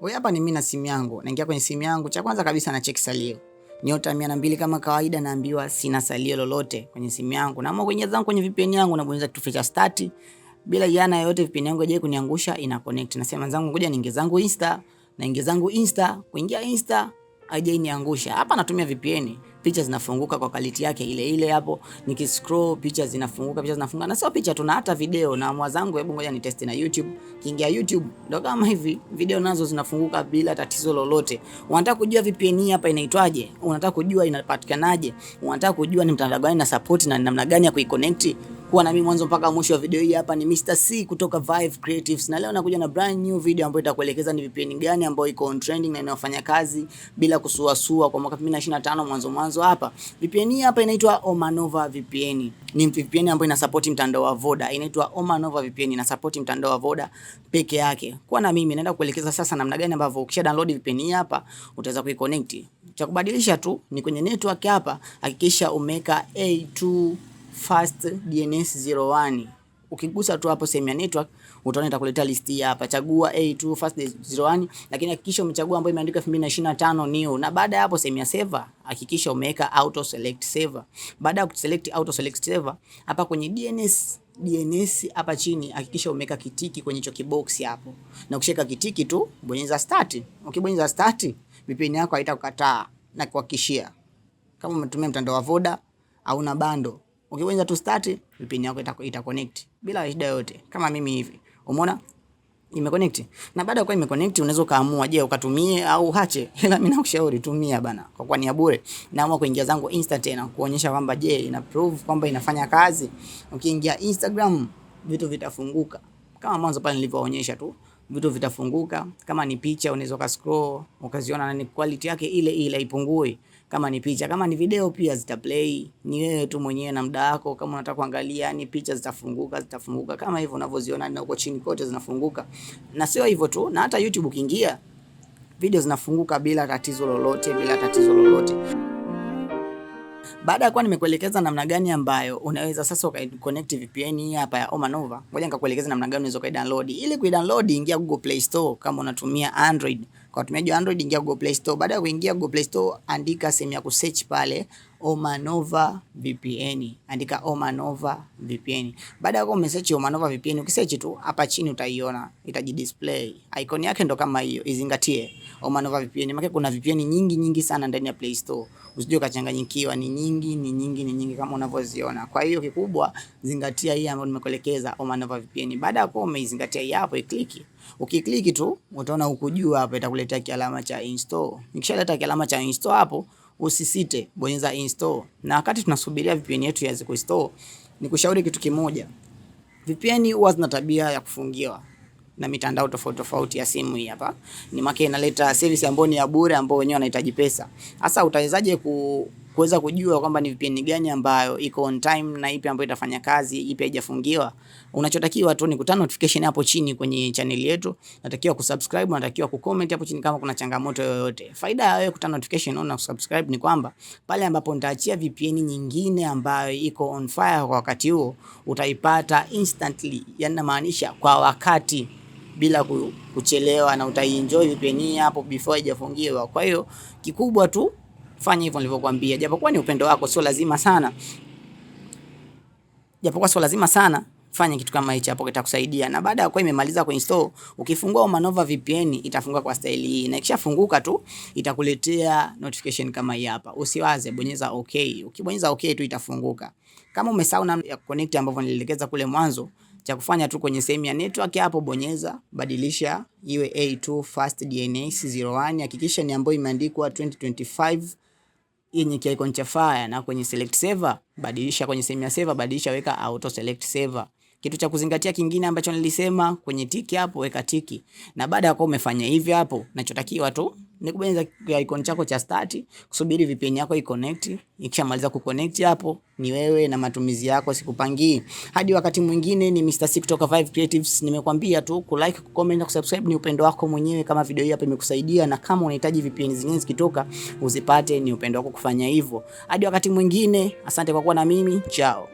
Wewe hapa ni mimi na simu yangu. Naingia kwenye simu yangu, cha kwanza kabisa na check salio. Nyota 200 kama kawaida, naambiwa sina salio lolote kwenye simu yangu. Na kwenye zangu kwenye VPN yangu nabonyeza kitufe cha start. Bila yana yote VPN yangu haijawahi kuniangusha, ina connect. Nasema zangu ngoja niingie zangu Insta, naingia zangu Insta, kuingia Insta haijaniangusha. Hapa natumia VPN picha zinafunguka kwa kaliti yake ile ile. Hapo nikiscroll picha zinafunguka, picha zinafunga na sio picha tuna hata video. Na mwazangu, hebu ngoja ni test na YouTube. Kiingia YouTube ndo kama hivi, video nazo zinafunguka bila tatizo lolote. Unataka kujua VPN hapa inaitwaje? Unataka kujua inapatikanaje? Unataka kujua ni mtandao gani na support na namna gani ya kuiconnect kuwa nami mwanzo mpaka mwisho wa video hii. Hapa ni Mr. C kutoka Vive Creatives, na leo nakuja na brand new video ambayo itakuelekeza ni VPN gani ambayo iko on trending na inayofanya kazi bila kusuasua kwa mwaka 2025 mwanzo mwanzo. Hapa VPN hii hapa inaitwa Omanova VPN, ni VPN ambayo ina support mtandao wa Voda, inaitwa Omanova VPN, ina support mtandao wa Voda peke yake. Kwa na mimi, naenda kuelekeza sasa namna gani ambavyo ukisha download VPN hii hapa utaweza kuiconnect. Cha kubadilisha tu ni kwenye network hapa, hakikisha umeka A2 fast DNS 01. Ukigusa tu hapo sehemu ya network utaona itakuletea listi hapa. Chagua A2 fast 01, lakini hakikisha umechagua ambayo imeandikwa 2025 new. Na baada ya hapo sehemu ya server hakikisha umeweka auto select server. Baada ya kuselect auto select server, hapa kwenye DNS DNS hapa chini hakikisha umeweka kitiki kwenye hicho kibox hapo. Na ukishika kitiki tu bonyeza start. Ukibonyeza start VPN yako haitakukataa na kuhakikishia. Kama umetumia mtandao wa Voda au na bando Ukibonyeza tu start, VPN yako ita ita connect bila shida yote, kama mimi hivi. Umeona imeconnect, na baada ya kuwa imeconnect, unaweza kaamua, je, ukatumie au hache. Ila mimi nakushauri tumia bana, kwa kuwa ni bure. Naamua kuingia zangu Insta tena kuonyesha kwamba, je, ina prove kwamba inafanya kazi. Ukiingia Instagram vitu vitafunguka kama mwanzo pale nilivyoonyesha tu vitu vitafunguka. Kama ni picha unaweza ka scroll ukaziona, na quality yake ile ile ipungue. Kama ni picha, kama ni video pia zitaplay. Ni wewe tu mwenyewe na muda wako, kama unataka kuangalia. ni picha zitafunguka, zitafunguka kama hivyo unavyoziona, na uko chini kote zinafunguka. Na sio hivyo tu, na hata YouTube ukiingia, video zinafunguka bila tatizo lolote, bila tatizo lolote. Baada ya kuwa nimekuelekeza namna gani ambayo unaweza sasa ukaiconnect VPN hii hapa ya Omanova, ngoja nikakuelekeza namna gani unaweza ukaidownload. Ili kuidownload, ingia Google Play Store kama unatumia Android kwa watumiaji wa Android ingia Google Play Store. Baada ya kuingia Google Play Store, andika sehemu ya kusearch pale Omanova VPN. Andika Omanova VPN. Baada ya kuwa umesearch Omanova VPN, ukisearch tu hapa chini utaiona, itajidisplay. Icon yake ndo kama hiyo, izingatie Omanova VPN. Maana kuna VPN nyingi nyingi sana ndani ya Play Store. Usije ukachanganyikiwa, ni nyingi, ni nyingi, ni nyingi kama unavyoziona. Kwa hiyo kikubwa zingatia hii ambayo nimekuelekeza Omanova VPN. Baada ya kuwa umeizingatia hapo, ikliki Ukikliki tu utaona huku juu hapa itakuletea kialama cha install. Nikishaleta kialama cha install hapo, usisite bonyeza install. Na wakati tunasubiria VPN yetu ianze kuinstall, nikushauri kitu kimoja. VPN huwa zina tabia ya kufungiwa na mitandao tofauti tofauti ya simu hii hapa. Ni maana inaleta service ambayo ni ya bure ambayo wenyewe wanahitaji pesa. Sasa utawezaje ku kuweza kujua kwamba ni VPN gani ambayo iko on time na ipi ambayo itafanya kazi, ipi haijafungiwa. Unachotakiwa tu ni kutana notification hapo chini kwenye channel yetu. Natakiwa kusubscribe, natakiwa kucomment hapo chini kama kuna changamoto yoyote. Faida ya wewe kutana notification na kusubscribe ni kwamba pale ambapo nitaachia VPN nyingine ambayo iko on fire kwa wakati huo, utaipata instantly, yani namaanisha kwa wakati bila kuchelewa na utaienjoy VPN hapo before haijafungiwa. Kwa hiyo kikubwa tu fanya hivyo nilivyokuambia, japokuwa ni upendo wako, sio lazima sana, japokuwa sio lazima sana fanya kitu kama hicho hapo, kitakusaidia. Na baada ya kuwa imemaliza kuinstall, ukifungua Umanova VPN itafunguka kwa staili hii, na ikishafunguka tu itakuletea notification kama hii hapa. Usiwaze, bonyeza okay. Ukibonyeza okay tu itafunguka. Kama umesahau namna ya connect ambavyo nilielekeza kule mwanzo, cha kufanya tu kwenye sehemu ya network hapo, bonyeza badilisha iwe A2 fast DNS 01, hakikisha ni ambayo imeandikwa 2025 yenye kiicon cha fire na kwenye select server, badilisha, kwenye sehemu ya server, badilisha, weka auto select server. Kitu cha kuzingatia kingine ambacho nilisema kwenye tiki hapo, weka tiki, na baada ya kuwa umefanya hivi hapo, nachotakiwa tu ni kubonyeza icon chako cha start, kusubiri VPN yako iconnect. Ikishamaliza kuconnect hapo, ni wewe na matumizi yako, sikupangii. Hadi wakati mwingine, ni Mr. C kutoka 5 Creatives. Nimekwambia tu ku like, ku comment na kusubscribe, ni upendo wako mwenyewe. Kama video hii hapa imekusaidia na kama unahitaji VPN zingine zikitoka uzipate, ni upendo wako kufanya hivyo. Hadi wakati mwingine, asante kwa kuwa na mimi, chao.